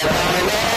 Yeah.